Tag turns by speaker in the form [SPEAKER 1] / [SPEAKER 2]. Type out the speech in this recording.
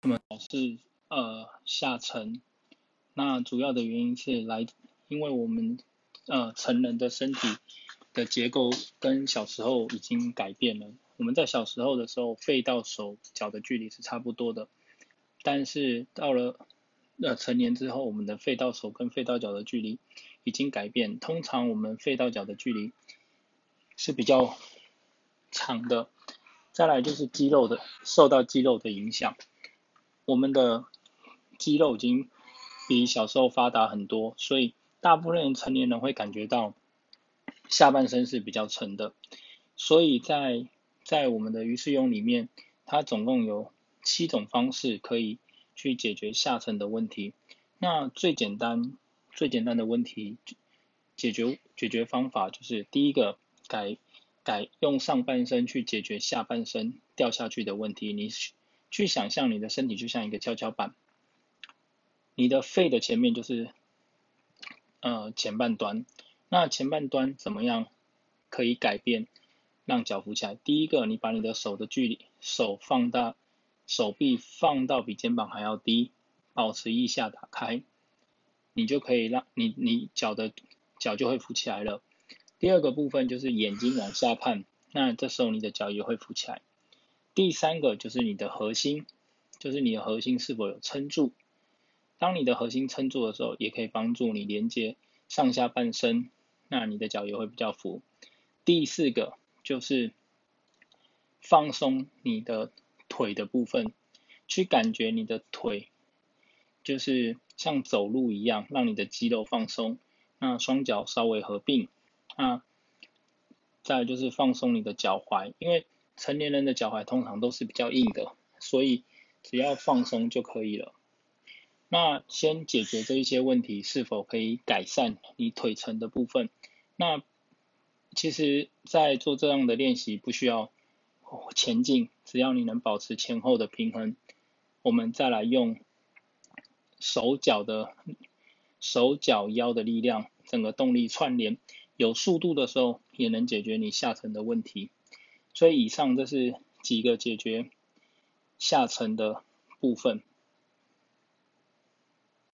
[SPEAKER 1] 那麼是呃下沉，那主要的原因是來，因為我們呃成人的身體的結構跟小時候已經改變了。我們在小時候的時候，肺到手腳的距離是差不多的，但是到了呃成年之後，我們的肺到手跟肺到腳的距離已經改變。通常我們肺到腳的距離是比較長的。再來就是肌肉的，受到肌肉的影響。我們的肌肉已經比小時候發達很多，所以大部分成年人會感覺到下半身是比較沉的。所以在在我們的魚式泳裡面，它總共有七種方式可以去解決下沉的問題。那最簡單最簡單的問題解決解決方法就是第一個，改改用上半身去解決下半身掉下去的問題。你。去想象你的身體就像一個蹺蹺板，你的肺的前面就是呃前半端，那前半端怎麼樣可以改變讓腳浮起來？第一個，你把你的手的距離手放大，手臂放到比肩膀還要低，保持腋下打開，你就可以讓你你腳的腳就會浮起來了。第二個部分就是眼睛往下看，那這時候你的腳也會浮起來。第三個就是你的核心，就是你的核心是否有撐住？當你的核心撐住的時候，也可以幫助你連接上下半身，那你的腳也會比較浮。第四個就是放鬆你的腿的部分，去感覺你的腿就是像走路一樣，讓你的肌肉放鬆。那雙腳稍微合併，那再來就是放鬆你的腳踝，因為，成年人的腳踝通常都是比較硬的，所以只要放鬆就可以了。那先解決這一些問題，是否可以改善你腿沉的部分？那其實，在做這樣的練習不需要前進，只要你能保持前後的平衡，我們再來用手腳的手腳腰的力量，整個動力串聯，有速度的時候也能解決你下沉的問題。所以以上這是幾個解決下沉的部分。